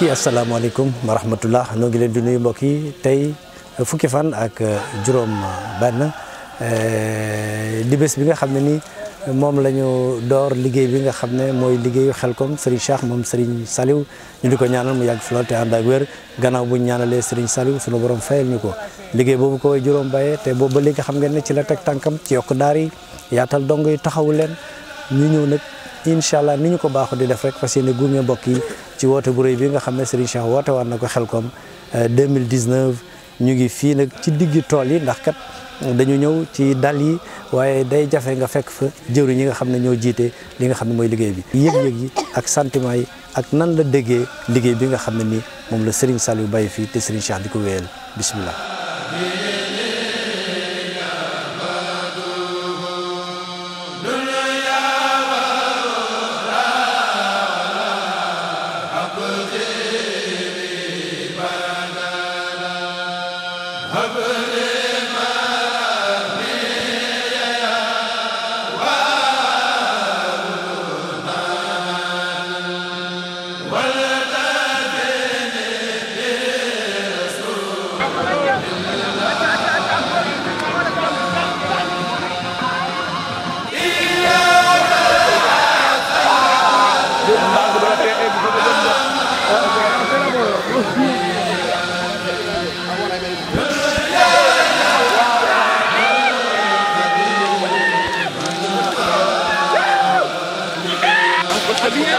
mbokk yi asalaamaaleykum wa rahmatullah noo ngi leen di nuyu mbokk yi tey fukki fan ak juróom benn eh, di bi nga xam ne ni moom lañu door liggéey bi nga xam ne mooy liggéeyu Xelcom Serigne Cheikh moom Serigne Saliou ñu di ko ñaanal mu yàgg flotte ànd ak wér gannaaw bu ñu ñaanalee Serigne Saliou sunu borom fayal ñu ko liggéey boobu ko way juróom bayee te boobu ba nga xam ngeen ne ci la teg tànkam ci yokk daar yi yaatal dong yi taxawu leen ñu ñëw nag incha allah ni ñu ko baaxu di def rek fas yéene guumee mbokk yi ci woote bu réy bi nga xam ne Serigne Cheikh woote war na ko Xelcom 2019 euh, ñu ngi fii nag ci digg tool yi ndax kat dañu ñëw ci dal yi waaye day jafe nga fekk fa jëwri ñi nga xam ne ñoo jiite li nga xam ne mooy liggéey bi yëg-yëg yi ak sentiment yi ak nan la déggee liggéey bi nga xam ne nii moom la sal yu bàyyi fii te Serigne Cheikh di ko wéyal bismillah liggéey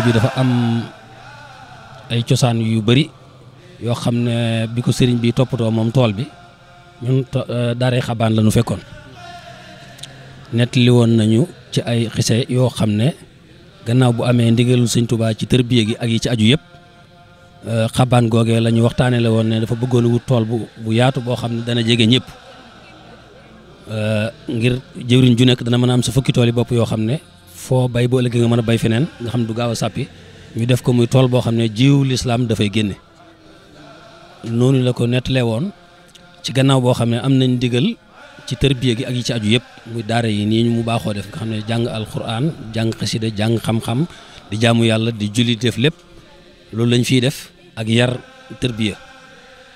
bi dafa am ay cosaan yu bari yoo xam ne bi ko sëriñ bi toppatoo moom tool bi ñun euh, daaray xabaan la ñu fekkoon nett nettali woon nañu ci ay xise yoo xam ne gannaaw bu amee ndigalul sëñ Touba ci tërbiye gi ak yi ci aju yëpp euh, xabaan googee la ñu waxtaanee la woon ne dafa bëggoon wut tool bu bu yaatu boo xam ne dana jege ñëpp euh, ngir jëwriñ ju nekk dana mën a am sa fukki tool yi bopp yoo xam ne foo bay boo ëllëgee nga mën a bay feneen nga xam ne du gaaw a sàppi ñu def ko muy tool boo xam ne jiw lislaam dafay génne noonu la ko nettalee woon ci gannaaw boo xam ne am nañ digal ci tërbiye gi ak yi ci aju yëpp muy daara yi nii ñu mu baaxoo def nga xam ne jàng alquran jàng xasida jàng xam-xam di jaamu yàlla di julli def lépp loolu lañu fiy def ak yar tërbiya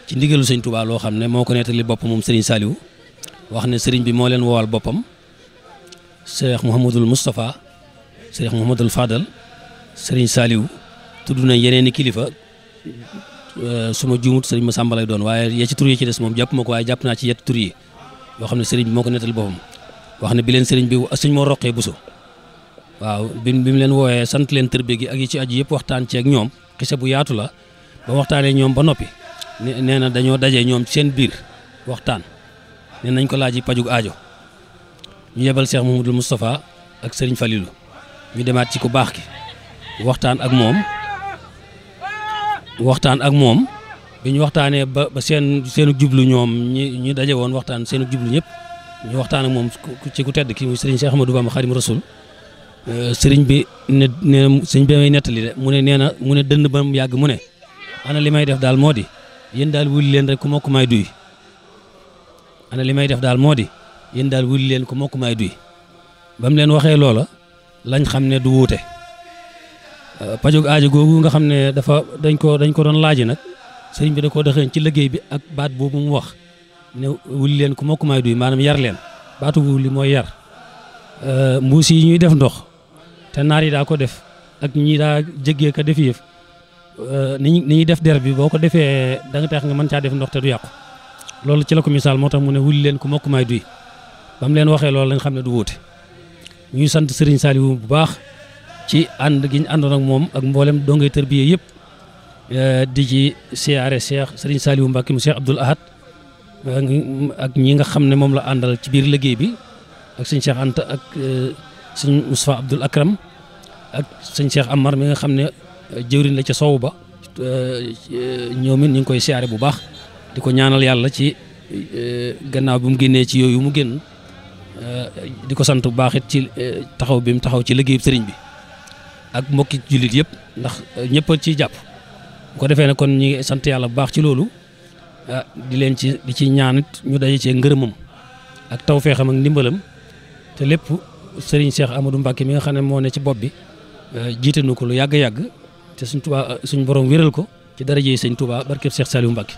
ci ndigalu sëñ Touba loo xam ne moo ko nettali bopp moom sëriñ Saliou wax ne sëriñ bi moo leen woowal boppam Cheikh Mouhamadul Moustapha Cheikh Mouhamadul Fadal sëriñ Saliou tudd na yeneen kilifa Euh, su ma juumut sëriñ Masamba lay doon waaye yee ci yi ci des moom jàpp ma ko waaye jàpp naa ci yett tur yi yoo xam ne sëriñ bi moo ko nettal boppam wax ne bi leen sëriñ bi sëñ moo roqee buso waaw bi bi mu leen wooyee sant leen tërbe gi ak yi ci aju yëpp waxtaan ci ak ñoom xise bu yaatu la ba waxtaanee ñoom ba noppi nee na dañoo dajee ñoom seen biir waxtaan nee nañ ko laaj yi pajug aajo ñu yebal Cheikh Mouhamadoul Moustapha ak sëriñ Falilou ñu demaat ci ko baax ki waxtaan ak moom waxtaan ak moom bi ñu waxtaanee ba seen seenu jublu ñoom ñi ñi daje woon waxtaan seenu jublu ñëpp ñu waxtaan ak moom ci ku tedd ki muy sëriñ Cheikh Ahmadou ba Xaadimu Rasuul euh, sëriñ bi ne ne sëriñ bi may nettali de mu ne nee na mu ne dënn ba mu yàgg mu ne ana li may def daal moo di yéen daal wuli leen rek ku mokk may duy li may def daal moo di yéen daal wuli leen ku mokk may duy ba mu leen waxee loola lañ xam ne du wuute. pajug aajo googu nga xam ne dafa dañ ko dañ ko doon laaji nag sëriñ bi da koo dëxëñ ci liggéey bi ak baat boobu mu wax ne wuli leen ku mokk may duy maanaam yar leen baatu wuli mooy yar euh, mbuus yi ñuy def ndox te naar daa ko def ak ñii daa jéggee ka def yëf euh, ni ñuy def der bi boo ko defee da nga nga mën caa def ndox te du yàqu loolu ci la ko misaal moo tax mu ne wuli leen ku mokk may ba mu leen waxee loolu lañ xam ne du wóote ñuy sant sëriñ Saliou bu baax ci ànd gi ñu àndoon ak moom ak mboolem dongay tërbiye yëpp eh, di ci siyaare Cheikh Serigne Saliou Mbacké mu Cheikh Abdoul Ahad eh, ak ñi nga xam ne moom la àndal ci biir liggéey bi ak sëñ ant ak eh, sëñ Moustapha Abdoul Akram ak sëñ Cheikh Amar mi nga xam ne jëwriñ la ca soow ba ñoom it ñu ngi koy siyaare bu baax di ko ñaanal yàlla ci gannaaw bi mu génnee ci yooyu mu génn di ko sant bu baax ci taxaw bi mu taxaw ci liggéey sëriñ bi ak mbokki jullit yëpp ndax euh, ñëpp ciy jàpp bu ko defee ne kon ñi ngi sant yàlla bu baax ci loolu ah, di leen ci di ci ñaanit ñu daje cee ngërëmam ak tawfeexam ak ndimbalam te lépp sëriñ Cheikh Amadou Mbacke mi nga xam ne moo ne ci bopp bi euh, jiite nu ko lu yàgg-yàgg te suñ Touba euh, suñ borom wéral ko ci daraje yi sëñ Touba barkeb Cheikh Saliou Mbacke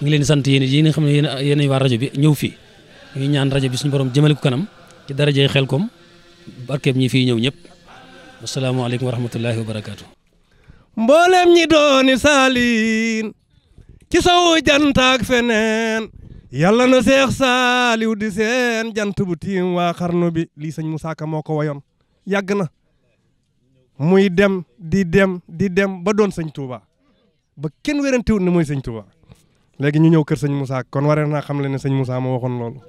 ñu ngi leen sant yéen yi nga xam ne yéen yéen waa rajo bi ñëw fii ñaan rajo bi suñu borom jëmale ko kanam ci daraje yi xel kom barkeb ñi asalaamaaleykum wa rahmatullahi wa barakaatu. mboolem ñi dooni saaliin ci sowu feneen yàlla na seex saaliw di seen jant bu tiim waa xarnu bi lii sañ Moussa moo ko wayoon yàgg na muy dem di dem di dem ba doon sëñ Touba ba kenn wérante wut ne mooy sëñ Touba léegi ñu ñëw kër sañ Moussa kon waree naa xam le ne sëñ Moussa moo waxoon loolu.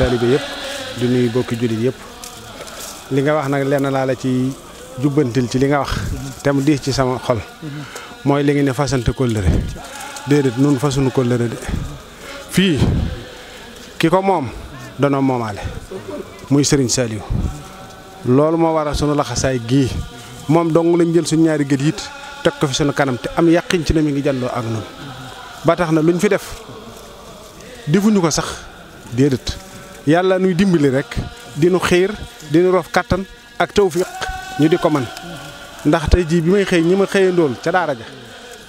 taalibe yëpp di nuyu bokki jullit yëpp li nga wax nag lenn laa la ci jubbantil ci li nga wax te mu diis ci sama xol mooy li nga ne fasante kóllëre déedéet nun fasunu kóllëre de fii ki ko moom danoo moomaale muy sëriñ Saliou loolu moo waral sunu laxasaay gii moom dong lañ jël su ñaari gët it teg ko fi sunu kanam te am yàqin ci ne mi ngi jàlloo ak noonu ba tax na luñ fi def defuñu ko sax déedéet yàlla nuy dimbali rek dinu xiir dinu rof kattan ak tawfiq ñu di ko man ndax tey jii bi may xëy ñi ma xëyandool ca daara ja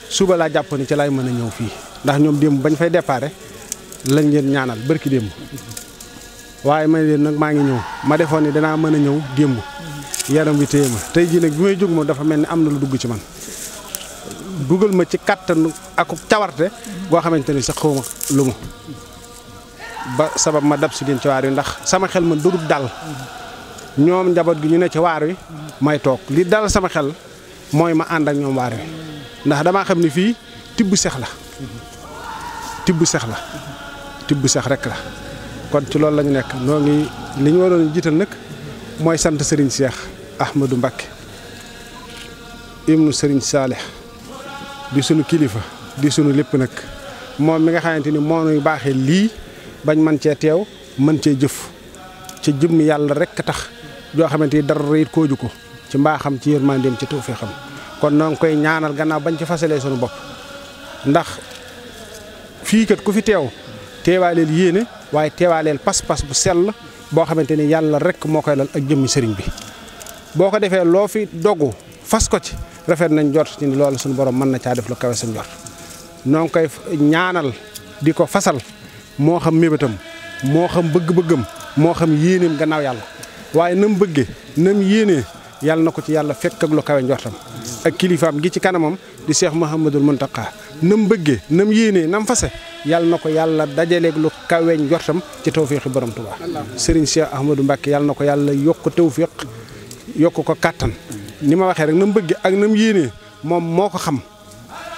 suba laa jàppoon ni ca laay mën a ñëw fii ndax ñoom démb bañ fay déparé lañ leen ñaanal bërki démb waaye may leen nag maa ngi ñëw ma defoon ni danaa mën a ñëw démb yaram wi téye ma tey jii nag bi may jóg moom dafa mel ni am na lu dugg ci man dugal ma ci kattan ak cawarte goo xamante ni sax xaw ma lu ma ba sabab ma dab si ci waar wi ndax sama xel ma dugub dal ñoom njaboot gi ñu ne ci waar wi may toog li dal sama xel mooy ma ànd ak ñoom waar wi ndax damaa xam ni fii tibb sex la tibb seex la tibb seex rek la kon ci loolu lañu nekk noo ngi li ñu waroon jiital nag mooy sant sëriñ Cheikh Ahmadou Mbacké ibnu sëriñ Saalih di sunu kilifa di sunu lépp nag moom mi nga xamante ni moo nuy baaxee lii bañ man cee teew mën cee jëf ci jëmm yàlla rek tax joo xamante ni dara it kooju ko ci mbaaxam ci yërmandeem ci tawfeexam kon noo ngi koy ñaanal gannaaw bañ ci fasalee sunu bopp ndax fii kat ku fi teew teewaaleel yéene waaye teewaaleel pas-pas bu sell boo xamante ni yàlla rek moo koy lal ak jëmmi sëriñ bi boo ko defee loo fi dogu fas ko ci rafet nañ jot ci ni loolu suñu borom mën na caa def lu kawe sa njort noo koy ñaanal di ko fasal moo xam mébétam moo xam bëgg-bëggam moo xam yéeneem gannaaw yàlla waaye nam bëgge nam yéenee yàlla na ko ci yàlla fekk ak lu kawe njortam ak kilifaam gi ci kanamam di seex Muhammadul Muntaqa nam bëggee nam yéenee nam fase yàlla na ko yàlla dajaleeg lu kawe njortam ci tawféexi borom Tuubaa sëriñ Seex Ahmadou Mbàkke yàlla na ko yàlla yokk tawféex yokk ko kàttan ni ma waxee rek nam bëgge ak nam yéenee moom moo ko xam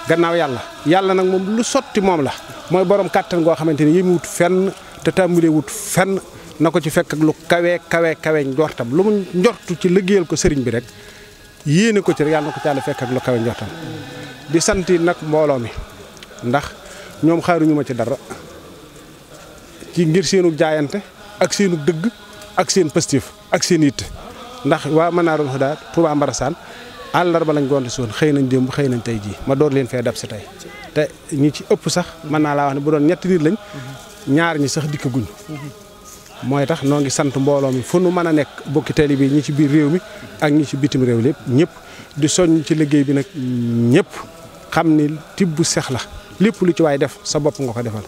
gannaaw yàlla yàlla nag moom lu sotti moom la mooy boroom kàttan goo xamante ni yéemu wut fenn te tàmbalee wut fenn na ko ci fekk ak lu kawe kawe kawe njortam lu mu njortu ci liggéeyal ko sëriñ bi rek yéene ko ci rek yàlla na ko ci yàlla fekk ak lu kawe njortam di sant nag mbooloo mi ndax ñoom xaaruñu ma ci dara ci ngir seenu jaayante ak seenu dëgg ak seen pastif ak seen yitte ndax waa Manarul Huda Touba Mbarassane àllarba lañ gonte si woon xëy nañ démb xëy nañ tey jii ma door leen fee dab si tey te ñi ci ëpp sax mën naa laa wax ne bu doon ñetti nit lañ ñaar ñi sax dikk guñ mooy tax noo ngi sant mbooloo mi fu nu mën a nekk bokki tali bi ñi ci biir réew mi ak ñi ci bitim réew lépp ñëpp di soññ ci liggéey bi nag ñëpp xam ni tibb seex la lépp lu ci waay def sa bopp nga ko defal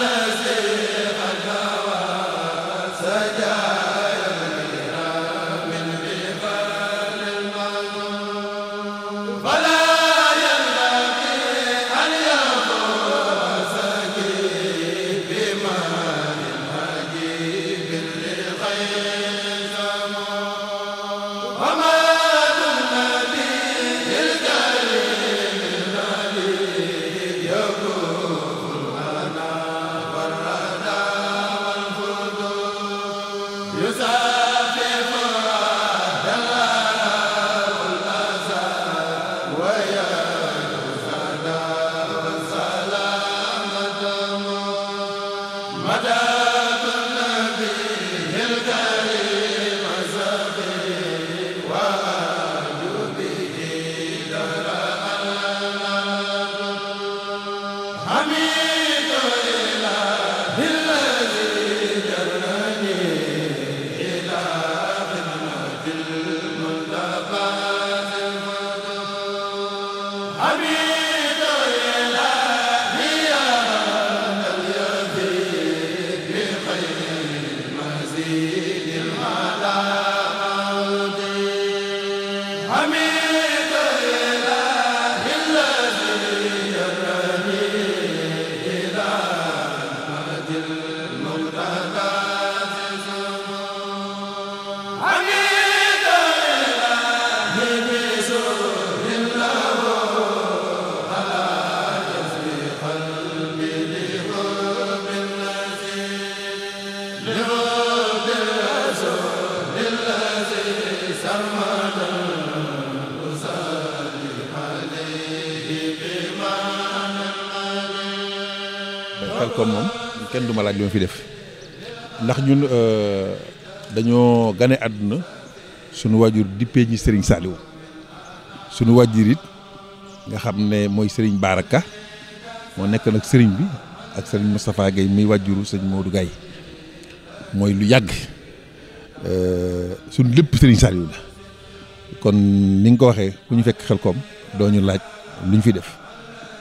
la moom kenn du ma laaj li ma fi def ndax ñun euh, dañoo gane àdduna sunu waajur dippee ñi Serigne Saliou sunu waajur it nga xam ne mooy Serigne Baraka moo nekk nag sëriñ bi ak Serigne Moustapha Guèye muy waajuru sëñ Modou Guèye mooy lu yàgg euh, sunu lépp Serigne Saliou la kon ni nga ko waxee ku ñu fekk xel koom doo ñu laaj lu fi def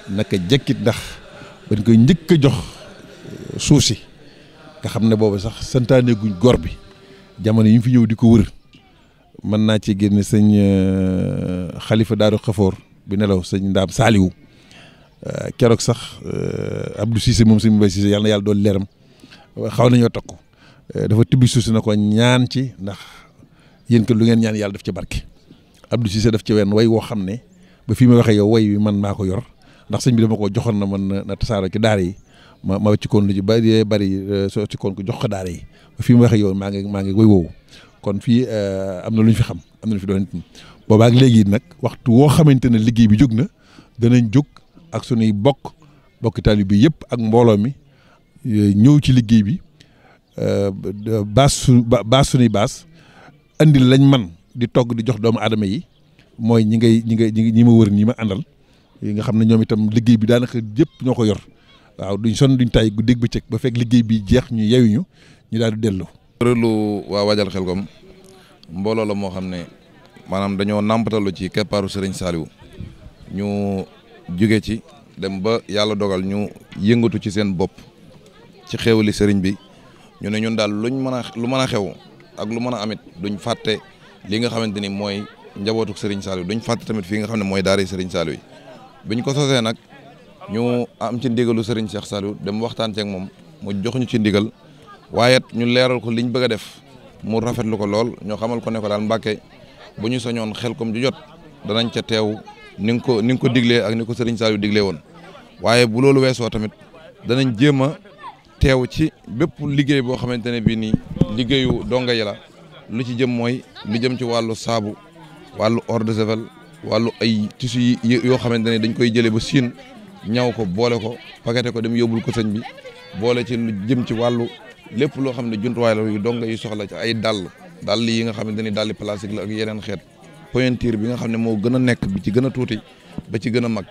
naka jekkit ndax bañ koy njëkk jox. suuf si nga xam ne boobu sax santaane guñ gor bi jamono yi ñu fi ñëw di ko wër mën naa ci génn sëñ xalifa euh, daaru xafoor bi nelaw sëñ ndaam saaliw euh, keroog sax euh, Abdou Cissé moom sëñ Mbay Cissé yàlla na yàlla doon leeram xaw nañoo takku dafa tibbi suuf si na ko ñaan ci ndax yéen lu ngeen ñaan yàlla def ci barke Abdou Cissé daf ci wenn way woo xam ne ba fi ma waxee yow way wi man maa ko yor ndax sañ bi dama ko joxoon na man na tasaaro ki daara yi ma ci wëcceekoon lu ci bari bari euh, soo wëcceekoon ko jox ko daara yi fi mu waxee yoon maa ngi maa ngi woy woowu kon fii euh, am na lu ñu fi xam am na lu fi doon boobaak léegi nag waxtu woo xamante ne liggéey bi jóg na danañ jóg ak sunuy bokk bokki taalibe bi yëpp ak mbooloo mi euh, ñëw ci liggéey bi baas su baas sunuy baas andi lañ man di togg di jox doomu aadama yi mooy ñi ngay ñi ngay ñi ma wër ñi ma àndal yi nga xam ne ñoom itam liggéey bi daanaka yëpp ñoo ko yor waaw duñ sonn duñ tay guddi bëccëg ba fekk liggéey bi jeex ñu yeyuñu ñu daal di dellu. kuréelu waa waajal xelkom mbooloo la moo xam ne maanaam dañoo nàmpatalu ci keppaaru Serigne saaliw ñu jóge ci dem ba yàlla dogal ñu yëngatu ci seen bopp ci xewli Serigne bi ñu ne ñun daal luñ mën a lu mën a xew ak lu mën a amit duñ fàtte li nga xamante ni mooy njabootu Serigne Saliou duñ fàtte tamit fi nga xam ne mooy daara Serigne Saliou yi biñ ko nag. ñu am ci ndigalu Serigne Cheikh Saliou dem waxtaan ceeg moom mu jox ñu ci ndigal waaye ñu leeral ko liñ bëgg a def mu rafetlu ko lool ñoo xamal ko ne ko daal Mbàkke bu ñu soñoon xel kom ju jot danañ ca teew ni nga ko ni nga ko diglee ak ni ko Serigne Saliou diglee woon waaye bu loolu weesoo tamit danañ jéem a teew ci bépp liggéey boo xamante ne bii nii liggéeyu donga yi la lu ci jëm mooy lu jëm ci wàllu saabu wàllu eau de javel wàllu ay tissu yi yoo xamante ne dañ koy jëlee ba Siin ñaw ko boole ko paqueté ko dem yóbbul ko sëñ bi boole ci lu jëm ci wàllu lépp loo xam ne jumtuwaay la yu dong yu soxla ci ay dàll dàll yi nga xamante ni dàlli plastique la ak yeneen xeet pointure bi nga xam ne moo gën a nekk bi ci gën a tuuti ba ci gën a mag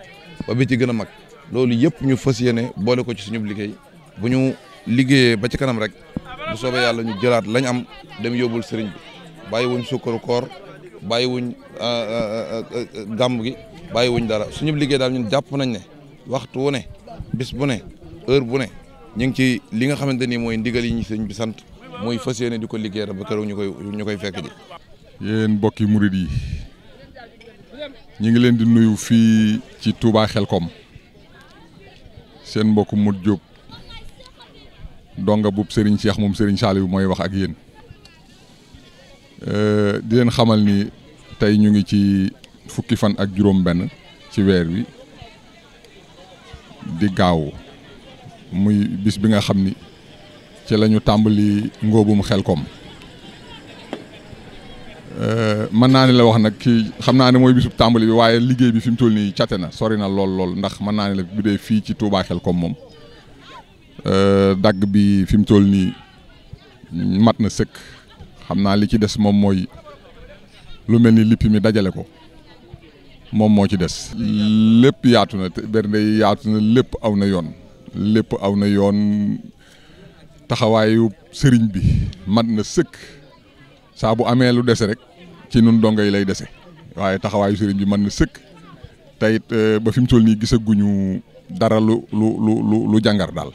bi ci gën a mag loolu yëpp ñu fas yéene boole ko ci suñu liggéey bu ñu liggéeyee ba ci kanam rek bu soobee yàlla ñu jëlaat lañ am dem yóbbul sëriñ bi bàyyi wuñ sukkaru koor bàyyi wuñ euh, euh, euh, gàmm gi bàyyi wuñ dara suñu liggéey daal ñun jàpp nañ ne waxtu wu ne bis bu ne heure bu ne ñu ngi ci li nga xamante ni mooy ndigal yi ñu sëñ bi sant mooy fas yéene di ko liggéey rek ba keroog ñu koy ñu koy fekk ji. yéen mbokki murit yi ñu ngi leen di nuyu fii ci xel koom seen mbokk Modou Diop donga bub Serigne Cheikh moom Serigne Saliou mooy wax ak yéen euh, di leen xamal ni tey ñu ngi ci fukki fan ak juróom-benn ci weer wi. di gaaw muy bis bi nga xam ni ci la ñu tàmbali ngóobum xelkom euh, mën naa ne la wax nag kii xam naa ne mooy bisub tàmbali waaye liggéey bi fi mu toll nii cate na sori na lool lool ndax mën naa ne la bu dee fii ci Touba koom moom euh, dagg bi fi mu toll nii mat na sëkk xam naa li ci des moom mooy lu mel ni lippi mi dajale ko moom moo ci des lépp yaatu na bernde yaatu na lépp aw na yoon lépp aw na yoon taxawaayu sëriñ bi mat na sëkk saa bu amee lu dese rek ci nun dongo yi lay dese waaye taxawaayu sëriñ bi mat na sëkk teyit eh, ba fi mu toll nii gisaguñu dara lu lu lu lu jangar daal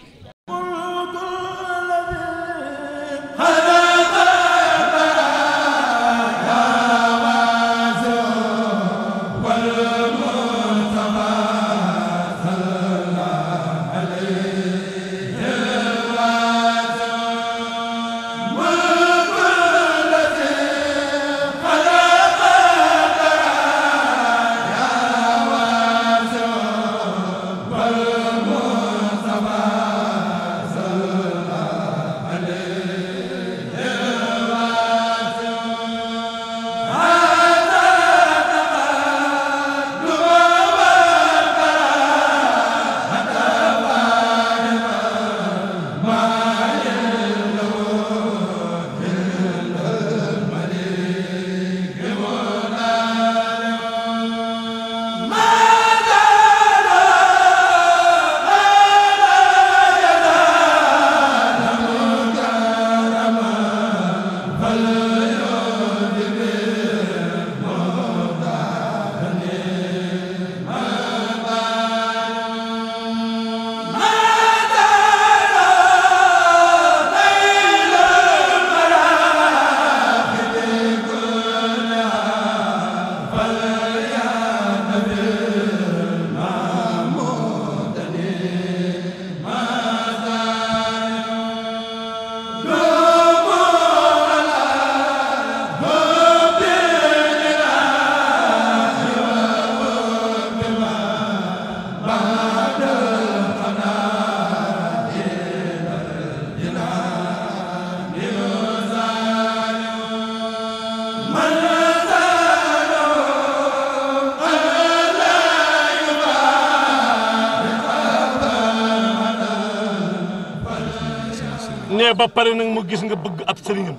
ba pare nag mu gis nga bëgg ab sëriñam.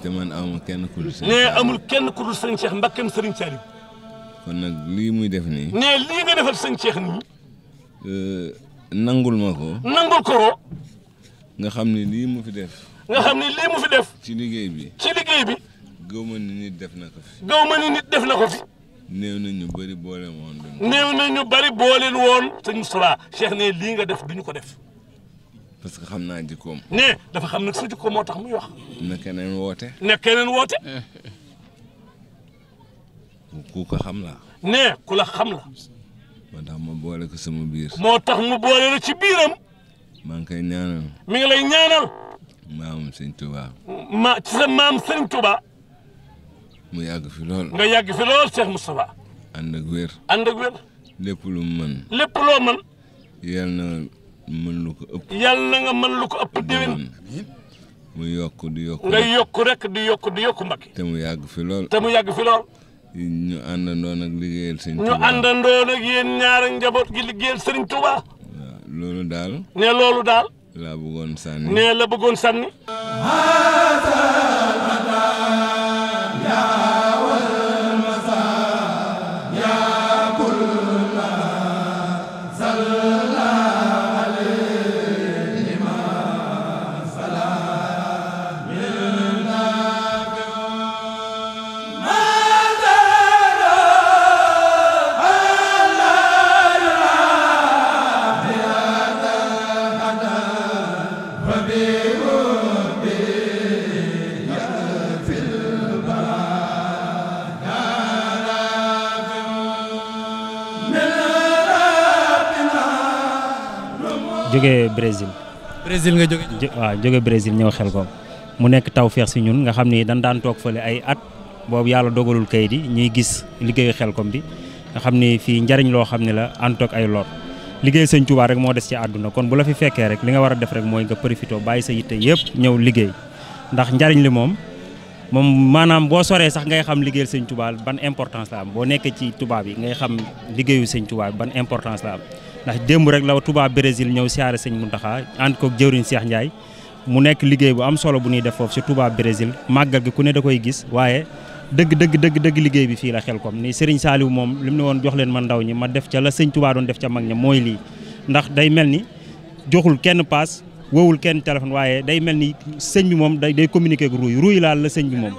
te man amul kenn ku dul sëriñ. nee amul kenn ku dul sëriñ Cheikh mbakkeem sëriñ Saliou. kon nag lii muy def nii. nee lii nga defal sëriñ seex nii. Euh, nangul ma ko. nangul koro nga xam ne lii mu fi def. nga xam ne lii mu fi def. ci liggéey bi. ci bi. gaw ma ni nit def na ko fi. gaw ma ni nit def na ko fi. néew na ñu bëri boole woon. néew na ñu bëri boole woon. sëñ Moustapha Cheikh ne lii nga def du ñu ko def. parce que xam naa jikkoom. ne dafa xam na sa jikkoom moo tax muy wax. ne keneen woote. ne keneen woote. ku ko xam la ne ku la xam la. moo tax ma boole ko sama biir. moo tax mu boole la ci biiram. maa ngi koy ñaanal. mi ngi lay ñaanal. maam sëñ Touba. ma ci sa mu yàgg fi lool. nga yàgg fi lool Cheikh Moustapha. ànd ak wér. ànd ak wér. lépp lu mu mën. na. mën lu ko ëpp. yàlla na nga mën lu ko ëpp déwén. mu yokk di yokk nga yokk rek di yokk di yokk Mbakke. te mu yàgg fi lool. te mu yàgg fi lool. ñu àndandoo nag liggéeyal sëñ Touba. ñu àndandoo nag yéen ñaari njaboot gi liggéeyal sëriñ Touba. waaw loolu daal. ne loolu daal. laa bëggoon sànni. ne la bëggoon sànni. jóge Brésil. Brésil nga jógee. waaw jógee Brésil ñëw Xelkom mu nekk taw feex si ñun nga xam ni dañ daan toog fële ay at boobu yàlla dogalul kayit yi ñuy gis liggéeyu Xelkom bi nga xam ni fii njariñ loo xam ne la ànd ay lor. liggéey sëñ Tuubaa rek moo des ci àdduna kon bu la fi fekkee rek li nga war a def rek mooy nga profité bàyyi sa yitte yëpp ñëw liggéey ndax njariñ li moom moom maanaam boo soree sax ngay xam liggéeyal sëñ Tuubaa ban importance am boo nekkee ci Tuubaa bi ngay xam liggéeyu sëñ ban importance la am ndax démb rek la Touba Brésil ñëw siyaare sëñ Muntaxa ànd koog jëwriñ Cheikh Ndiaye mu nekk liggéey bu am solo bu ñuy def foofu si Touba Brésil màggal gi ku ne da koy gis waaye dëgg dëgg dëgg dëgg liggéey bi fii la xel ko ni Serigne Saliou moom li mu ne woon jox leen ma ndaw ñi ma def ca la sëñ Touba doon def ca mag ña mooy lii ndax day mel ni joxul kenn paas wowul kenn téléphone waaye day mel ni sëñ bi moom day day communiquer ak ruuy ruuy laal la sëñ bi moom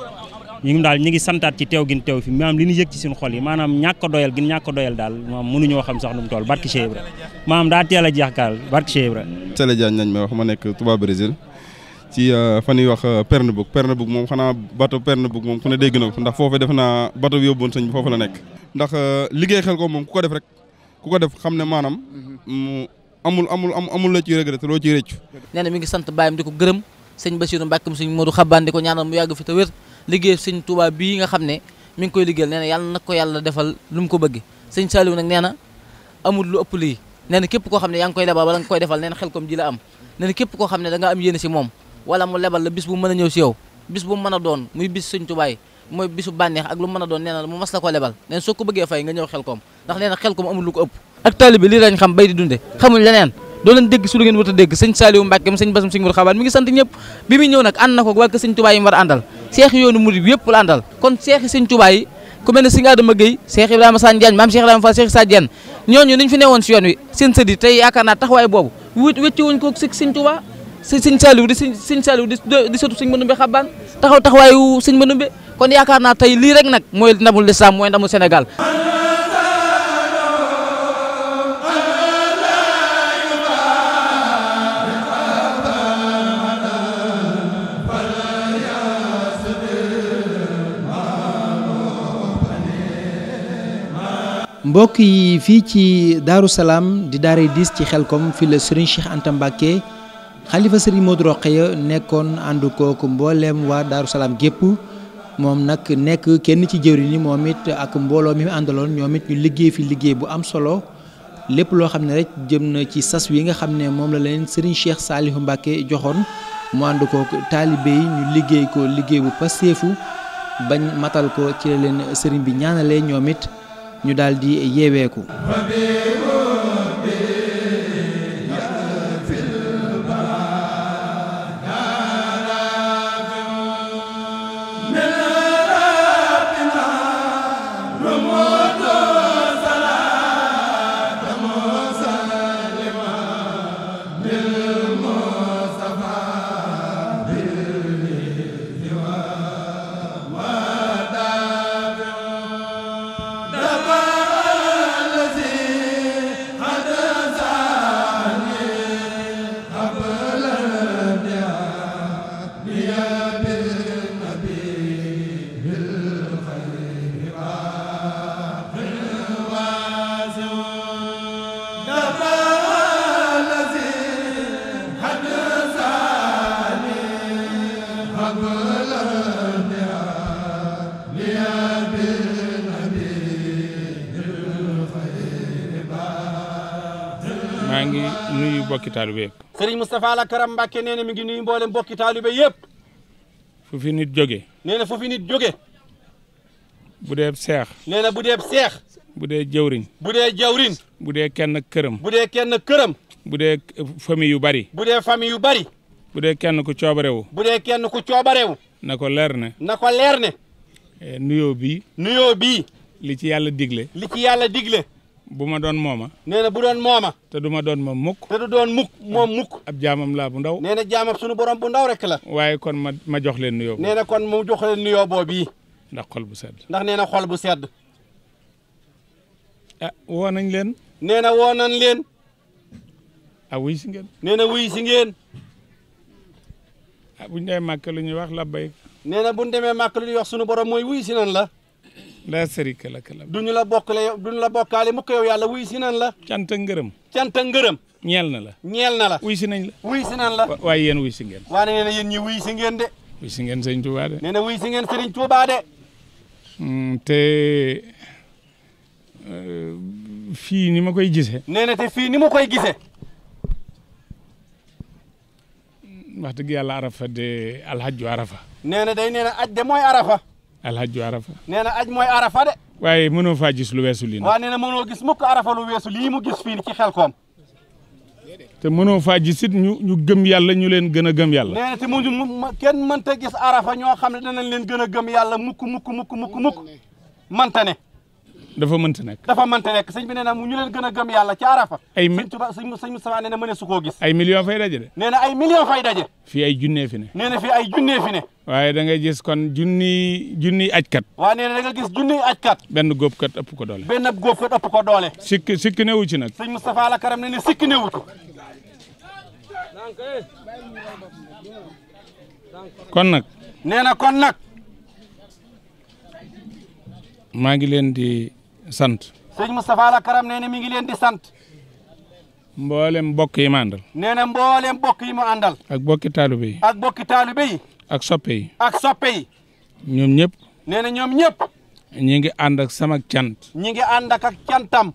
ñun daal ñu ngi santaat ci teew gin teew fi maanaam li ñu yëg ci suñu xol yi maanaam ñàkk a doyal gin ñàkk a doyal daal maanaam mënuñoo xam sax nu mu toll barke daa a jeex kaal barke Cheikh ma wax ma nekk Touba Brésil ci euh, fa ñuy wax euh, Pernambouc moom xanaa bateau Pernambouc moom ku ne dégg na ko ndax foofu defe naa bateau bi yóbboon sëñ bi foofu la nekk ndax euh, liggéey xel ko moom ku ko def rek ku ko def xam ne maanaam mhm. amul amul amul la ciy regretté loo ciy rëccu nee na mi ngi sant baayam di ko gërëm ba sëñ Bassirou Mbacke sëñ Modou Xabaan di ko ñaanal mu yàgg fi te wér liggéey sëñ Touba bii nga xam ne mi ngi koy liggéeyal nee na yàlla na ko yàlla defal lu mu ko bëgg sëñ Saliou nag nee na amul lu ëpp lii nee na képp koo xam ne yaa ngi koy lebal wala nga koy defal nee na xel kom ji la am nee képp koo xam ne danga am yéen si moom wala mu lebal la bis bu mën a ñëw si yow bis bu mën a doon muy bis sëñ Touba yi mooy bisu bànneex ak lu mën a doon nee na mu mas la ko lebal nee na soo ko bëggee fay nga ñëw xel kom ndax nee na xel kom amul lu ko ëpp di dunde xamuñ leneen doo leen dégg su lu ngeen war a dégg sëñ Saliou Mbacke m sëñ Basum sëñ Mourou Xabaan mi ngi sant ñëpp bi muy ñëw nag ànd na ko waa kër sëñ Touba yi mu war a àndal seex yoonu murid seexi sëñ Touba yi ne sëñ maam Seex Ibrahima Fall seex Sa Diagne ñooñu niñ fi newoon si yoon wi seen sëdi tey yaakaar naa taxawaay boobu wécci wuñ ko si sëñ Touba si sëñ Saliou di sëñ sëñ Saliou di di sotu sëñ Mëndumbe Xabaan taxaw taxawaayu sëñ Mëndumbe kon yaakaar naa tey lii rek nag mooy ndamul lislaam mooy ndamul Sénégal mbokk yi fii ci Daaru Salaam di daaray diis ci xel xelkom fi la Serigne Cheikh Anta Mbacké xalifa Serigne Modou Rokhaya nekkoon ànd kook mbooleem waa Daaru Salaam gépp moom nag nekk kenn ci jëwri ni moom it ak mbooloo mi àndaloon ñoom it ñu liggéey fi liggéey bu am solo lépp loo xam ne rek jëm na ci sas wi nga xam ne moom la leen Serigne Cheikh Saliou Mbacké joxoon mu ànd kooku taalibe ñu liggéey ko liggéey bu pasteefu bañ matal ko ci la leen Serigne bi ñaanalee ñoom it ñu daldi di yeeweeku taalibe yëpp. Serigne Moustapha Lakaram Mbacke nee na mi ngi nuyu mboolem mbokki taalibe yëpp. fu fi nit jóge. nee na fu fi jóge. bu dee seex. nee na bu dee seex. bu dee jawriñ. bu dee jawriñ. bu dee kenn këram. bu dee kenn këram. bu dee famille yu bari. bu dee famille yu bari. bu dee kenn ku coobarewu. bu dee kenn ku coobarewu. na ko leer ne. na ko leer ne. Eh, nuyoo bii. nuyoo bii. li ci yàlla digle. li ci yàlla digle. bu ma doon mooma. nee na bu doon mooma. te du ma doon ma mukk. te du doon mukk moom mukk. ab jaamam laa bu ndaw. nee na jaamam sunu borom bu ndaw rek la. waaye kon ma ma jox leen nuyoo. nee na kon mu jox leen nuyoo boobu ndax xol bu sedd. ndax nee na xol bu sedd. ah woo nañ leen. nee na woo nañ leen. a ah, wuy si ngeen. nee na wuy si ngeen. ah bu ñu demee màkk lu ñuy wax labbayk. nee na bu demee màkk lu ñuy wax sunu borom mooy wuy si nan la. la sharika laka la duñu la bokkale yow duñu la bokkaale mukk yow yàlla wuy si nan la cant ngërëm cant ngërëm ñeel na la ñeel na la wuy nañ la wuy si la waaye yéen wuy si ngeen waa nee na ñi wuy si ngeen de wuy si ngeen sëriñ Tuubaa de nee na wuy si ngeen hmm, te euh, fii ni ma koy gisee nee na te fii ni ma koy gisee wax dëgg yàlla arafa de alhajju arafa nee day nee na aj arafa alhajju arafa nee na aj mooy arafa de waaye mënoo faa gis lu weesu lii nag waaw na mënoo gis mukk arafa lu weesu lii mu gis fii ci xel koom te mënoo faa gis it ñu ñu gëm yàlla ñu leen gën a gëm yàlla nee na te mu kenn mënta gis arafa ñoo xam ne danañ leen gën a gëm yàlla mukk mukk mukk mukk mukk mënta ne dafa mënta nekk dafa mënta nekk sëñ bi nee mu ñu leen gën a gam yàlla ci arafa ay sëñ Tuubaa na mëne su koo gis ay million fay daje de nee na ay million fay daje fii ay junnee fi ne nee na ay junnee fi ne waaye da gis kon junniy junniy ajkat waaw nee na da nga gis junniy benn góobkat ëpp ko doole benn góobkat ëpp ko doole sikk sikk newu ci nag sëñ Moustapha la karam ne ni sikk newu ci kon nag nee na kon nag maa ngi leen di sant. sëñ Moustapha Alakaram nee na mi ngi leen sant. mboolem mbokk yi mu àndal. nee na mboolem mbokk yi mu àndal. ak bokki taalibe yi. ak bokki taalibe yi. ak soppe ak soppe ñoom ñëpp. nee na ñoom ñëpp. ñi ngi ànd ak sama cant. ñi ngi ànd ak ak cantam.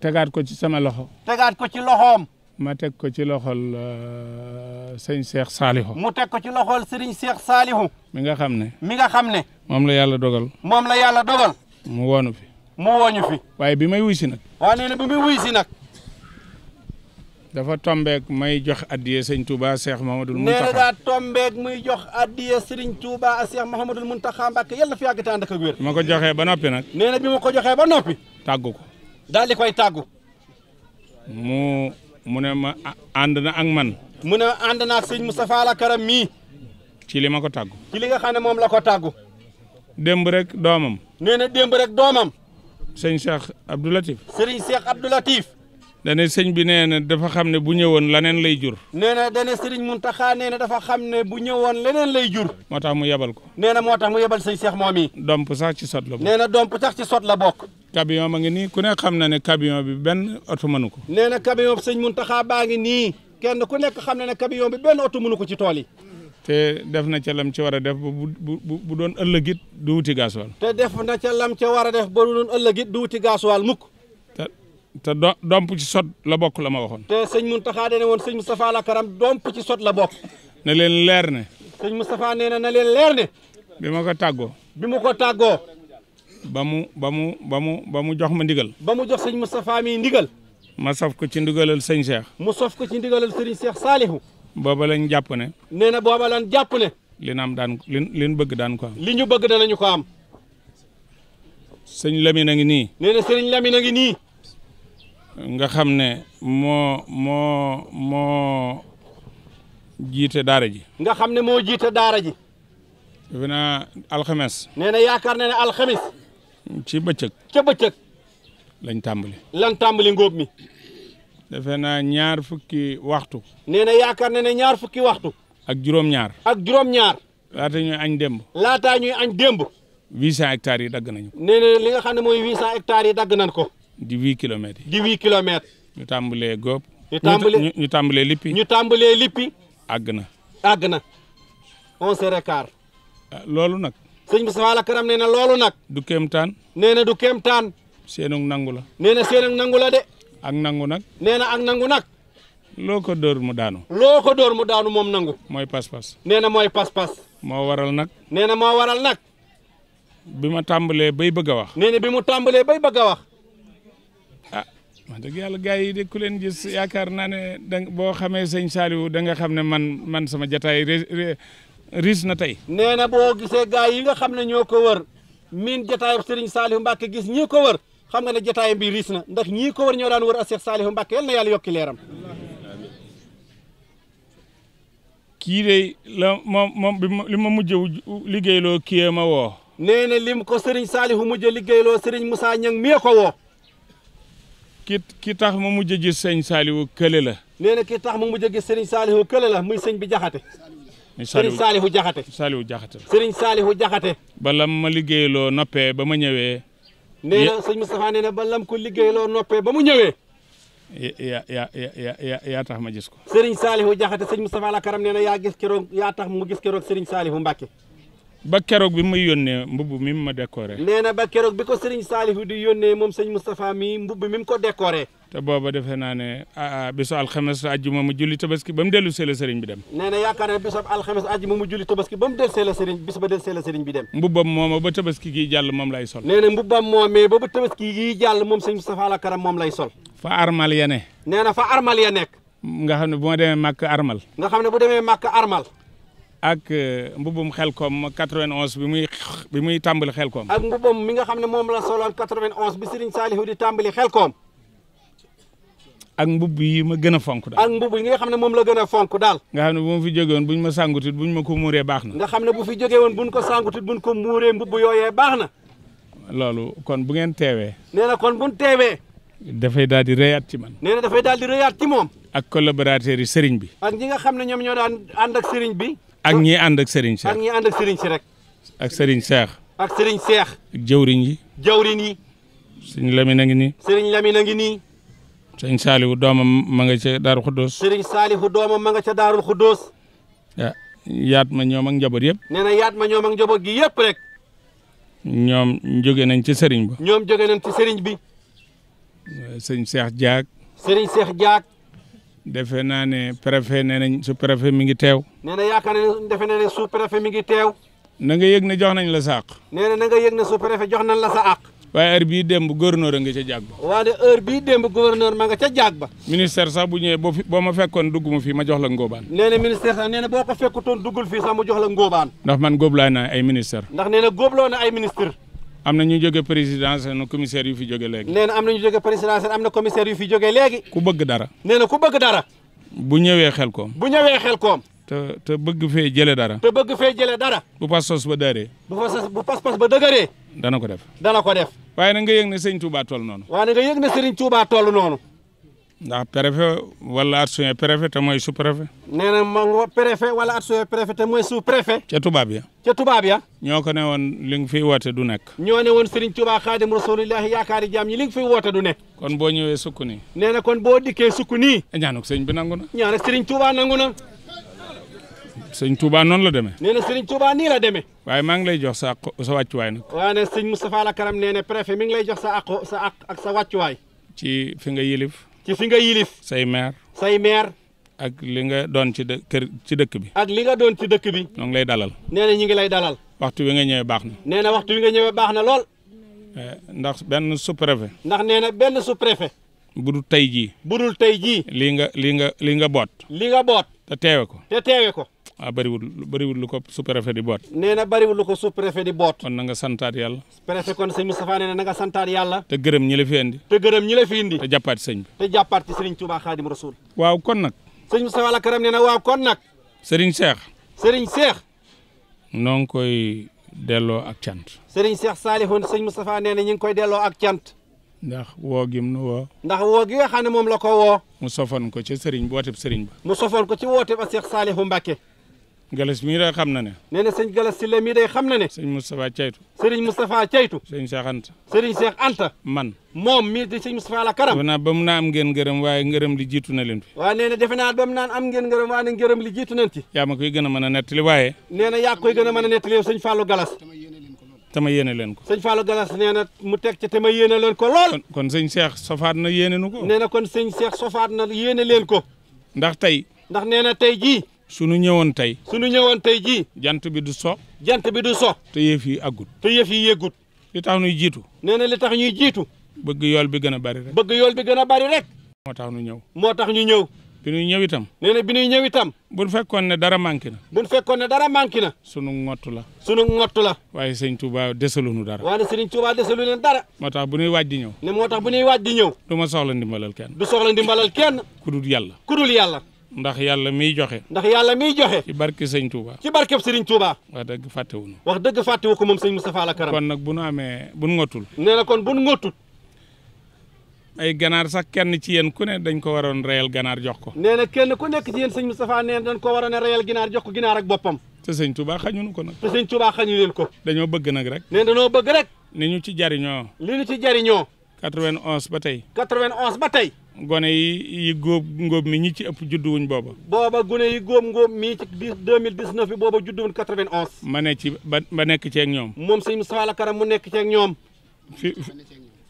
tegaat ko ci sama loxo. tegaat ko ci loxoom. ma teg ko ci loxol euh, sëñ Cheikh Salihu. mu teg ko ci loxol sëriñ Cheikh Salihu. mi nga xam ne. mi nga xam ne. moom la yàlla dogal. moom la yàlla dogal. mu woonu mu wooñu fi. waaye bi may wuy si nag. waaw nee na bi muy wuy si nag. dafa tombeek may jox addiye sëñ Touba Cheikh Mouhamadul Mountakha. nee na daa tombeek muy jox addiye sëriñ Touba Cheikh Mouhamadul Mountakha Mbacke yàlla fi yàgg te ànd ak wér. bi ma ko joxee ba noppi nag. nee na bi ma ko joxee ba noppi. tàggu ko. daal di koy tàggu. mu mu ne ma ànd na ak man. mu ne ànd na mu sëñ Moustapha mii. ci li ma ko tàggu. ci li nga ne moom la ko tàggu. demb rek doomam. nee na démb rek doomam. sëñ Cheikh Abdou Latif. sëriñ Cheikh Abdou Latif. dane sëñ bi nee na dafa xam ne bu ñëwoon leneen lay jur. nee na dane mun Muntaxa nee na dafa xam ne bu ñëwoon leneen lay jur. moo tax mu yebal ko. nee na moo tax mu yebal sëñ seex moom yi. domp sax ci sot la bokk. nee na domp sax ci sot la bokk. camion ma ngi nii ku ne xam na ne camion bi benn oto mënu ko. nee na camion sëñ Muntaxa baa ngi nii kenn ku nekk xam na ne camion bi benn oto mënu ko ci tool yi. te def na ca lam ci war a def ba bu bu doon ëllëgit du wuti gaasuwaal. te def na ca lam ca war a def ba bu doon ëllëgit du wuti gaasuwaal mukk. te te do domp ci sot la bokk la ma waxoon. te sëñ Mountakha da ne woon sëñ Moustapha Lakaram domp ci sot la bokk. na leen leer ne. sëñ Moustapha nee na na leen leer ne. bi ma ko tàggoo. bi ma ko tàggoo. ba mu ba mu ba mu ba mu jox ma ndigal. ba mu jox sëñ Moustapha mi ndigal. ma sof ko ci ndigalal sëñ Cheikh. mu sof ko ci ndigalal sëriñ Cheikh Salihu. booba lañ jàpp ne. nee na booba lañ jàpp ne. li am daan li liñ bëgg daan ko am. li ñu bëgg danañu ko am. sëñ Lamine a ngi nii. nee na sëñ ngi nii. nga xam ne moo moo jiite daara ji. nga xam ne moo jiite daaraji ji. defe naa alxames. nee na yaakaar na ne alxames. ci bëccëg. ca bëccëg. lañ tàmbali. lan tàmbali ngóob mi. defe naa ñaar fukki waxtu. nee na yaakaar na ne ñaar fukki waxtu. ak juróom-ñaar. ak juróom-ñaar. laata ñuy añ démb. laataa ñuy añ démb. huit cent hectares yi dagg nañu ko. nee na li nga xam ne mooy huit cent hectares yi dagg nañ ko. di huit kilomètres yi. di huit ñu tàmbalee góob. ñu tàmbalee ñu tàmbalee lippi. ñu tàmbalee lippi. àgg na. àgg na onze heures ah, loolu nag. sëñ bi sama karam nee na loolu nag. du kéemtaan. nee na du kéemtaan. seenug nangu nangu la de. ak nangu nag. nee na ak nangu nag. loo ko dóor mu daanu. loo ko dóor mu daanu moom nangu. mooy pas-pas. nee na mooy pas-pas. moo waral nag. nee na moo waral nag. bi ma tàmbalee bay bëgg a wax. nee na bi mu tàmbalee bay bëgg a wax. ah wax dëgg yàlla gars yi de ku leen gis yaakaar naa ne da boo xamee sëñ Saliou da nga xam ne man man sama jataay riis na tey. nee boo gisee gars yi nga xam ne ñoo ko wër miin jataayu Serigne Saliou Mbacke gis ñi ko wër. xam nga ne jotaayam bi riis na ndax ñii ko war ñoo daan wër a Cheikh Saliou Mbacke yal na yàlla yokki leeram kii de la moom moom ma mujj liggéeyloo kii ma woo nee lim ko Serigne Saliou mujj liggéeyloo Serigne Moussa Niang mii ko woo ki tax ma mujj gis sëñ Saliou kële ma mujj gis Serigne Saliou muy sëñ bi jaxate Serigne Saliou jaxate Saliou jaxate Serigne Saliou jaxate bala ma liggéeyloo noppee ba ma ñëwee nee na sëñ Moustapha nee na ba lam ko liggéey loo noppee ba mu ñëwee yaa yaa yaa yaa tax ma gis ko Serigne Salihu Jaxate sëñ Moustapha karam nee na yaa gis keroog yaa tax mu gis keroog Serigne Salihu Mbacke ba keroog bi may yónnee mbubb mi ma décoré. nee na ba keroog bi ko Serigne Saliou di yónnee moom sëñ Moustapha mi mbubb mi mu ko décoré. te booba defe naa ne bisu alxames ajjuma mu julli tabaski ba mu dellu see la sëriñ bi dem nee na yaakaar ne bisu alxames ajjuma mu julli tabaski ba mu del see la bi dem mbubbam mooma moom lay sol nee na ba tabaski gii jàll moom sëñ Moustapha la karam moom lay sol fa armal ya ne nee na fa armal ya nekk nga xam ne bu ma demee màkk armal nga xam ne bu demee màkk armal ak euh, mbubum xelkom 91 bi muy bi muy tàmbali xelkom. ak mbubum mi nga xam ne moom la soloon 91 bi Serigne Saliou di tàmbali xelkom. ak mbubb yi ma gën a fonk daal. ak mbubb yi nga xam ne moom la gën a fonk daal. nga xam ne bu fi jógee woon buñ ma sàngutit ñu ma ko muure baax na. nga xam ne bu fi jógee woon buñ ko sàngutit buñ ko muuree mbubb yooyee baax na. loolu kon bu ngeen teewee. nee na kon buñ teewee. dafay daal di rëyaat ci man. n na daal di rëyaat ci moom. ak collaborateur yi sëriñ bi. ak ñi nga xam ne ñoom ñoo daan ànd ak sëriñ bi. ak ñi ànd ak sëriñ Cheikh. ak ñi ànd ak Serigne si rek. ak sëriñ Cheikh. ak sëriñ Cheikh. ak jëwriñ yi. jëwriñ yi. sëñ Lamine a ngi nii. Serigne Lamine a ngi nii. sëñ Saalihu doomam ma nga ca Daaru Xuddoos. Serigne Saalihu doomam ma nga ca Daaru Xuddoos. yaat ma ñoom ak njaboot yëpp. nee na yaat ma ñoom ak gi yëpp rek. ñoom jóge nañ ci sëriñ ba. ñoom jóge nañ ci Serigne bi. sëñ Cheikh Diak. Serigne Cheikh Diak. defe naa ne préfet nee nañ su préfet mi ngi teew. nee na yaakaar ne defe naa ne su préfet mi ngi teew. na nga yëg ne jox nañ la sa àq. nee na na nga yëg ne jox nañ la sa àq. waaye heure bii démb gouverneur a nga ca jàgg ba. waaye heure bii démb gouverneur ma nga ca jàgg ba. ministère sax bu ñëwee boo boo ma fekkoon dugg ma fii ma jox la ngóobaan. nee na ministère sax nee boo ko fekkutoon duggul fii sax mu jox la ngóobaan. ndax man góobloo na ay ministère. ndax nee na góobloo na ay ministre am na ñu jóge présidence na commissaire yu fi jóge léegi. nee na am na ñu jóge présidence am na commissaire yu fi jóge léegi. ku bëgg dara. nee na ku bëgg dara. bu ñëwee xel koom. bu ñëwee xel koom. te te bëgg fee jëlee dara. te bëgg fee jëlee dara. bu pas-pas ba dëree. bu pas bu pas-pas ba dana ko def. dana ko def. waaye na nga yëg ne sëñ Touba toll noonu. waaye na nga yëg ne noonu. ndax préfet wala adjoint préfet te mooy sous préfet. nee na moom préfet wala adjoint préfet mooy sous préfet. ca tubaab ya. ca tubaab ya. ñoo ko ne woon li nga fiy woote du nekk. ñoo ne woon Serigne Touba Khadim Rasulullahi yaakaari jaam ñi li nga fiy woote du nekk. kon boo ñëwee sukk nii. nee na kon boo dikkee sukk ni ñaanuk señ bi nangu na. ñaan ak Serigne nangu na. sëñ Touba noonu la demee. nee na Serigne Touba nii la demee. waaye maa ngi lay jox sa àq sa wàccuwaay nag. waaw ne sëñ Moustapha Lakaram nee na mi ngi lay jox sa àq sa àq ak sa wàccuwaay. ci fi nga yilif ci fi nga yilif say maire say maire ak li nga doon ci dë ci dëkk bi ak li nga doon ci dëkk bi ñoo ngi lay dalal nee na ñu ngi lay dalal waxtu wi nga ñëwee baax na nee na waxtu wi nga ñëwee baax na lool eh, ndax benn sous ndax nee na benn sous budul tey jii budul tey jii lii nga lii nga lii nga boot li nga boot te teewe ko te teewe ko ah bëriwul bëriwul lu ko sous-préfet di boot nee na bëriwul lu ko sous di boot kon na nga yàlla préfet kon sëñ Moustapha nee na na yàlla te gërëm ñi la fi indi te gërëm ñi la fi indi te jàppaat ci sëñ te jàppaat ci sëriñ Touba Xaadim Rasul waaw kon nag sëñ Moustapha la karam nee na waaw kon nag sëriñ Cheikh sëriñ Cheikh noo ngi koy delloo ak cant sëriñ Cheikh Salihoun sëñ Moustapha nee ñu ngi koy delloo ak cant ndax woo gim nu woo ndax woo gi nga xam ne moom la ko woo mu sofoon ko ci sëriñ booteb sëriñ ba mu Galas mii day xam na ne. nee na sëñ Galas Sylla mii day xam na ne. sëñ Moustapha Caytu. sëriñ Moustapha Caytu. sëriñ Cheikh Anta. man moom mii di sëñ Moustapha la karam. defe naa ba na leen fi. waaw nee na defe naa ba mu naan am ngeen ngërëm waaye ngërëm li jiitu nañ ci. yaa ma koy gën a mën a nettali waaye. nee na yaa koy gën a mën a nettali yow sëñ Fallou Galas. tama yéene leen ko sëñ Fallou Galas nee mu teg ca tama yéene leen ko lool kon sëñ Cheikh sofaat na yéene leen ko ndax tey ndax nee tey jii sunu ñëwoon tey. sunu ñëwoon tey jii. jant bi du so. jant bi du so. te yëf yi àggut. te yëf yi yëggut. li tax ñuy jiitu. nee na li tax ñuy jiitu. bëgg yool bi gën a bari rek. bëgg yool bi gën a bari rek. moo tax nu ñëw. moo tax ñu ñëw. bi ñuy ñëw itam. nee na bi ñuy ñëw itam. bu ñu fekkoon ne dara manqué na. bu ñu fekkoon ne dara manqué na. sunu ngottu la. sunu ngottu la. waaye sëñ Touba desalu nu dara. waaye sëñ leen dara. moo tax bu ñuy waaj di ñëw. ne moo tax bu ñuy waaj di ñëw. du ma soxla ndimbalal kenn. du soxla ndimbalal kenn. ku dul yàlla. ku dul yàlla. ndax yàlla miy joxe ndax yàlla miy joxe ci barke sëñ Touba ci barke sëriñ Touba wax dëgg fàttewuñu wax dëgg fàttewu ko moom sëñ Moustapha la karam kon nag bu nu amee bu nu ngottul nee kon bu nu ngottul ay ganaar sax kenn ci yéen ku ne dañ ko waroon reyal ganaar jox ko nee na kenn ku nekk ci yéen sëñ Moustapha nee na ko waroon a reyal ginaar jox ko ginaar ak boppam te sëñ Touba xañunu ko nag te sëñ Touba xañu ko dañoo bëgg nag rek nee dañoo bëgg rek ne ñu ci jariñoo li ñu ci jariñoo 91 ba tey 91 ba tey gone yi yi góob ngóob mi ñi ci ëpp judduwuñ booba. booba gone yi góob ngóob mii ci biir deux mille dix neuf bi booba judduwuñ quatre vingt onze. ma ne ci ba ba nekk ceeg ñoom. moom sëñ Moustapha Lakram mu nekk ceeg ñoom. fi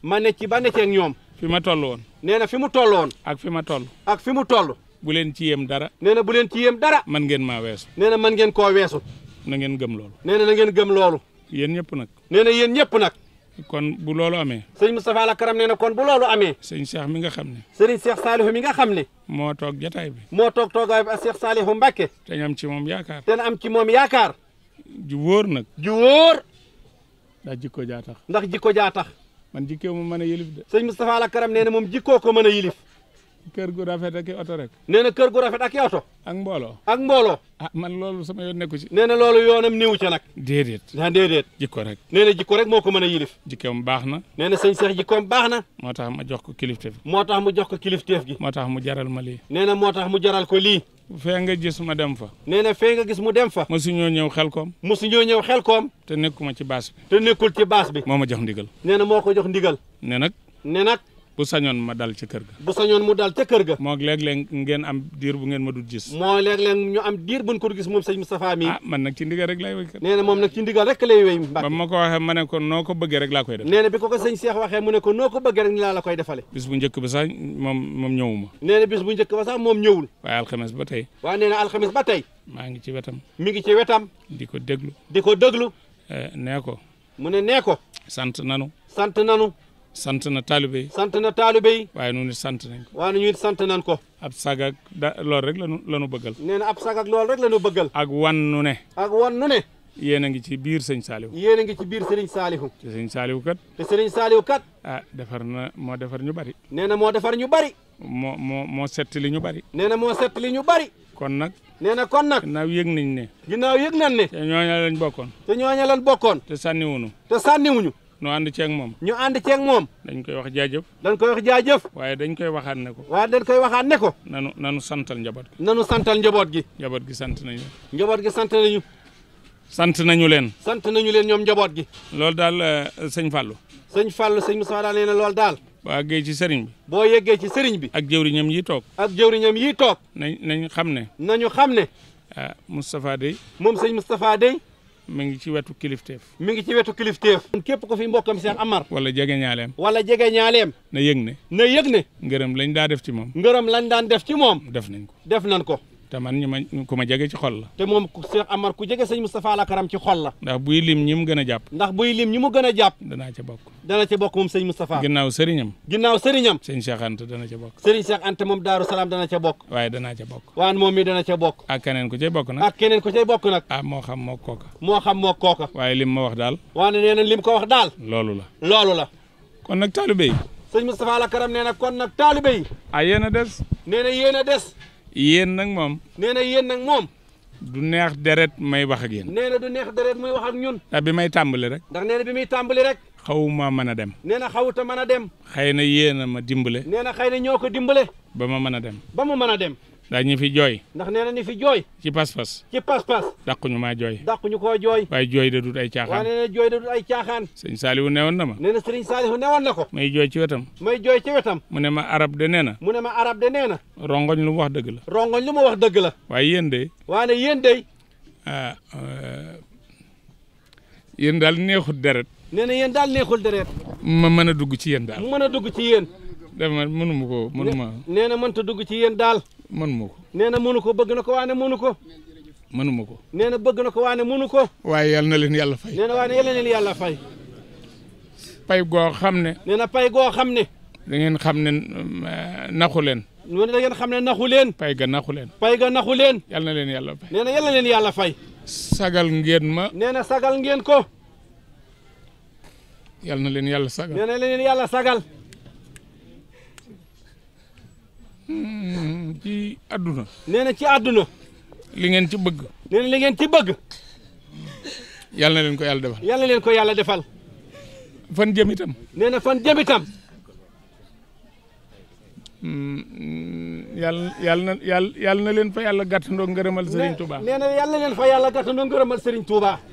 ma ne ci ba ñoom. fi ma toll woon. nee na fi mu toll woon. ak fi ma toll. ak fi mu toll. bu leen ci yéem dara. nee na bu leen ci yéem dara. man ngeen ma weesu. nee na man ngeen koo weesu. na ngeen gëm lool nee na na ngeen gëm loolu. yéen ñëpp nag. nee na yéen ñëpp nag. kon bu loolu amee. sëñ Moustapha Lakaram nee na kon bu loolu amee. sëñ Cheikh mi nga xam ne. sëriñ Cheikh Salihu mi nga xam ne. moo toog jataay bi. moo toog tooga bi ak Cheikh Salihu Mbacke. te am ci moom yaakaar. te am ci moom yaakaar. ju wóor nag. ju wóor. ndax jikko jaa tax. ndax jikko jaa tax. man jikkee mu man a yilif de. sëñ Moustapha Lakaram nee na moom jikkoo ko mën a yilif. kër gu rafet ak i oto rek. nee na kër gu rafet ak i oto. ak mbooloo. ak mbooloo. ah man loolu sama yoon nekku ci. nee na loolu yoonam néew ca nag. déedéet. ah déedéet. jikko rek. nee na jikko rek moo ko mën a yilif. mu baax na. nee na sëñ Cheikh jikkoom baax na. moo tax ma jox ko kilifteef. moo tax mu jox ko kilifteef gi. moo tax mu jaral ma lii. nee na moo tax mu jaral ko lii. fee nga gis ma dem fa. nee na fee nga gis mu dem fa. si ñoo ñëw xel koom. si ñoo ñëw xel koom. te nekkuma ci baas bi. te nekkul ci baas bi. moo ma jox ndigal. nee na moo ko jox ndigal. ne nag. ne nag. bu sañoon ma dal ca kër ga. bu sañoon mu dal ca kër ga. moo léeg-léeg ngeen am diir bu ngeen ma dul gis. moo léeg-léeg ñu am diir buñ ko gis moom sëñ Moustapha mii. ah man nag ci ndigal rek lay wéy. nee na moom nag ci ndigal rek lay wéy. Mbacke ba ma ko waxee ma ne ko noo ko bëggee rek laa koy def. nee na bi ko ko sëñ Cheikh waxee mu ne ko noo ko bëggee rek ni laa la koy defale bis bu njëkk ba sax moom moom ñëwuma. nee na bis bu njëkk ba sax moom ñëwul. waaye alxames ba tey. waaye nee na alxames ba tey. maa ngi ci wetam. mi ngi ci wetam. di ko déglu. di ko déglu. Eh, nee ko. mu ne nee ko. sant nanu. sant nanu. sant na taalibe yi. sant na taalibe yi. waaye ñun it sant nañ ko. waaye sant nañ ko. ab sagak da loolu rek la nu bëggal. nee na ab sagak loolu rek lanu bëggal. ak wan nu ne. ak wan nu ne. yéen a ngi ci biir sëñ Saliou. yéen a ngi ci biir sëriñ Saliou. te sëñ Saliou kat. te sëriñ Saliou kat. ah defar na moo defar ñu bari. nee na moo defar ñu bari. moo moo moo settali ñu bari. nee na moo settali ñu bari. kon nag. nee na kon nag. ginnaaw yëg nañ ne. ginnaaw yëg nañ ne. te ñooña lañ bokkoon. te ñooña lañ bokkoon. te sànniwuñu. te nu ànd ceeg moom ñu ànd ceeg moom dañ koy wax jaajëf dañ koy wax jaajëf waaye dañ koy waxaat ne ko waaye dañ koy waxaat ne ko nanu nanu santal njaboot gi nanu santal njaboot gi njaboot gi sant nañu njaboot gi sant nañu sant nañu leen sant nañu leen ñoom njaboot gi loolu daal eh, sëñ Fallou sëñ Fallou sëñ Moussa daal nee na loolu daal boo àggee ci sëriñ bi boo yeggee ci sëriñ bi ak jëwriñam yi toog ak jëwriñam yi toog nañ nañ xam ne nañu xam ne ah Dey moom sëñ Moustapha Dey mi ngi ci wetu kilifteef mi ngi ci wetu kilifteef képp ko fi mbokkam seen amar wala jege ñaaleem wala jege ñaaleem na yëg ne na yëg ne ngërëm lañ daa def ci moom ngërëm lañ daan def ci moom def nañ ko def nañ ko te man ñu ma ku ma jege ci xol la te moom Cheikh Amar ku jege sëñ Moustapha Alakaram ci xol la ndax buy lim ñi gën a jàpp ndax buy lim ñi gën a jàpp dana ca bokk dana ca bokk moom Daaru Salaam dana ca dana ca bokk ak keneen ku cay ah, moo xam moo kooka moo xam waaye lim ma wax daal waane nee lim ko wax daal loolu la loolu la kon nag taalibe yi sëñ Moustapha Alakaram nee na kon nag taalibe yi ah yéen a des nee na a des yéen nag moom. nee na yéen nag moom. du neex deret may wax ak yéen. nee na du neex deret may wax ak ñun. ndax ah, bi may tàmbali rek. ndax nee na bi muy tàmbali rek. xawuma mën a dem. nee na xawuta mën a dem. xay na yéen a ma dimbale. nee na xëy na ñoo ko dimbale. ba ma mën a dem. ba mu mën a dem. daañu fi jooy. ndax nee na ni fi jooy. ci pas-pas. ci pas-pas. maa jooy. dàquñu koo jooy. waaye jooy da dut ay caaxaan. waaye nee na jooy da dut ay caaxaan. sëñ Saalihu newoon na ma. nee na sëriñ Saalihu newoon na ko. may jooy ci wetam. may jooy ci wetam. mu ne ma arab de nee na. mu ne ma arab de nee na. rongoñ lu mu wax dëgg la. rongoñ lu mu wax dëgg la. waaye yéen de. waaye ne yéen de. ah eh, yéen daal neexut na yéen daal neexul deret. ma mën a dugg ci yéen daal. mën a dugg ci yéen. dama mënu ma ko mënu ma. nee na mënta dugg ci yéen daal. mënu ma ko. nee na mënu ko bëgg na ko waane mënu ko. mënu ma ko. nee na bëgg na ko waane mënu ko. waaye yal na leen yàlla fay. nee na waaye yal pay goo xam ne. nee pay goo xam ne. da xam ne eh, naxu leen. nee na da ngeen xam ne naxu leen. pay ga leen. pay ga naxu leen. yal leen yàlla fay. leen yàlla fay. sagal ngeen ma. nee sagal ngeen ko. yal na leen yàlla sagal. nee yàlla sagal. ci àdduna. nee na ci àdduna. li ngeen ci bëgg. nee li ngeen ci bëgg. yàlla na leen ko yàlla defal. yàlla na leen ko yàlla defal. fan jëm itam. nee na fan jëm itam. yàlla yàlla na yàlla yàlla na leen fa yàlla gàttandoo ngërëmal Serigne Touba. nee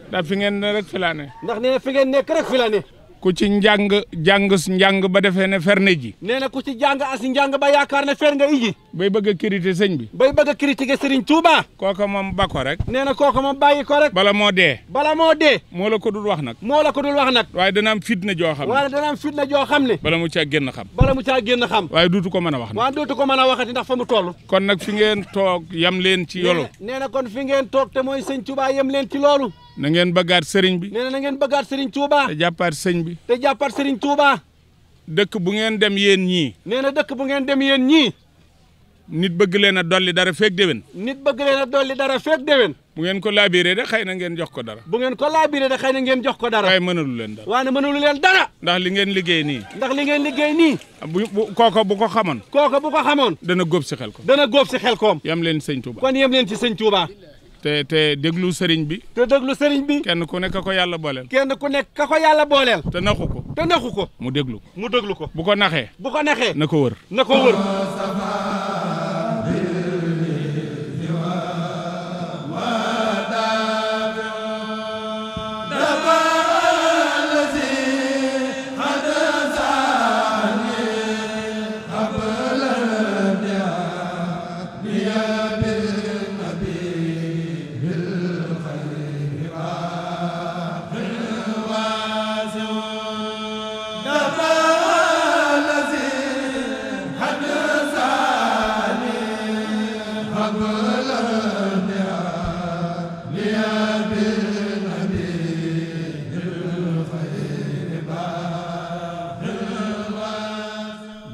ndax fi ngeen ne rek fi ndax nee fi ngeen nekk rek fi laa ku ci njàng jàng njàng ba defee ne ferne ji. nee na ku ci jàng si njàng ba yaakaar ne fer nga iji. bay bëgg a critiquer sëñ bi. bay bëgg a critiquer Serigne Touba. kooka moom ba ko rek. nee na kooka moom bàyyi ko rek. bala moo dee. bala moo dee. moo la ko dul wax nag. moo la ko dul wax nag. waaye dana am fitna joo xam ne. waaye dana am fitna joo xam ne. bala mu caa génn xam. bala mu caa génn xam. waaye duutu ko mën a wax nag. waaye duutu ko mën a waxati ndax fa mu toll. kon nag fi ngeen toog yam leen ci yolu. nee na kon fi ngeen toog te mooy sëñ Touba yam leen ci loolu na ngeen bëggaat sëriñ bi. nee na na ngeen bëggaat sëriñ Touba. te jàppaat sëñ bi. te jàppaat sëriñ Touba. dëkk bu ngeen dem yéen ñii. nee na dëkk bu ngeen dem yeen ñii. nit bëgg leen a dolli dara feeg déwén. nit bëgg leen a dolli dara feeg déwén. bu ngeen ko laabiree de xëy na ngeen jox ko dara. bu ngeen ko laabiree de xay na ngeen jox ko dara. waaye mënalu leen dara. waaye mënalu leen dara. ndax li ngeen liggéey nii. ndax li ngeen liggéey nii. bu bu kooko bu ko xamoon. kooko bu ko xamoon. dana góob si ko. dana góob si xel koom. leen sëñ Touba. kon yam leen ci sëñ Touba. te te déglu sëriñ bi. te déglu sëriñ bi. kenn ku nekk ka ko yàlla booleel. kenn ku nekk ka yàlla booleel. te naxu ko. te naxu ko. mu déglu mu déglu ko. bu ko naxee. bu ko naxee. na ko wër. na ko wër.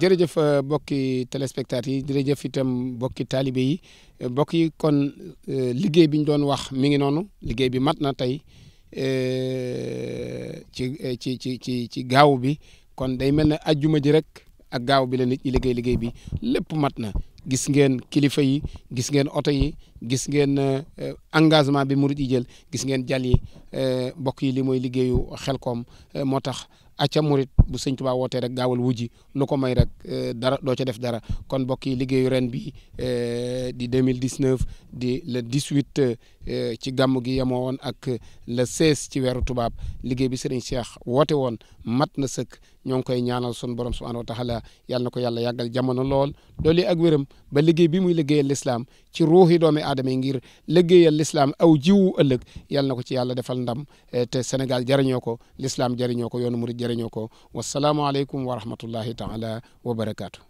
jërëjëf euh, mbokki téléspectateurs yi jërëjëf itam mbokki taalibe yi euh, mbokk yi kon euh, liggéey bi ñu doon wax mi ngi noonu liggéey bi mat na tey ci ci ci ci ci gaaw bi kon day mel ne ajjuma ji rek ak gaaw bi la nit ñi liggéey liggéey bi lépp mat na gis ngeen kilifa yi gis ngeen oto yi gis ngeen engagement bi murid yi jël gis ngeen jal yi mbokk yi li mooy liggéeyu Xelcom moo tax acca murit bu sëñ Tuubaa wootee rek gaawal wujji lu ko may rek eh, dara doo ca def dara kon mbokk yi liggéeyu ren bi eh, di 2019 di le 18 Eh, ci gàmm gi yemoo woon ak eh, le 16 ci weeru tubaab liggéey bi sëriñ Cheikh woote woon mat na sëkk ñoo ngi koy ñaanal sun borom subhaanahu wa taala na ko yàlla yàggal jamono lool doole ak wéram ba liggéey bi muy liggéeyal lislaam ci ruuxi doomi aadama yi ngir liggéeyal lislaam aw jiwu ëllëg yàlla na ko ci yàlla defal ndam eh, te senegal jariñoo ko lislaam jëriñoo ko yoonu murid jariñoo ko wasalaamualeykum wa rahmatullahi taala wa barakaatu.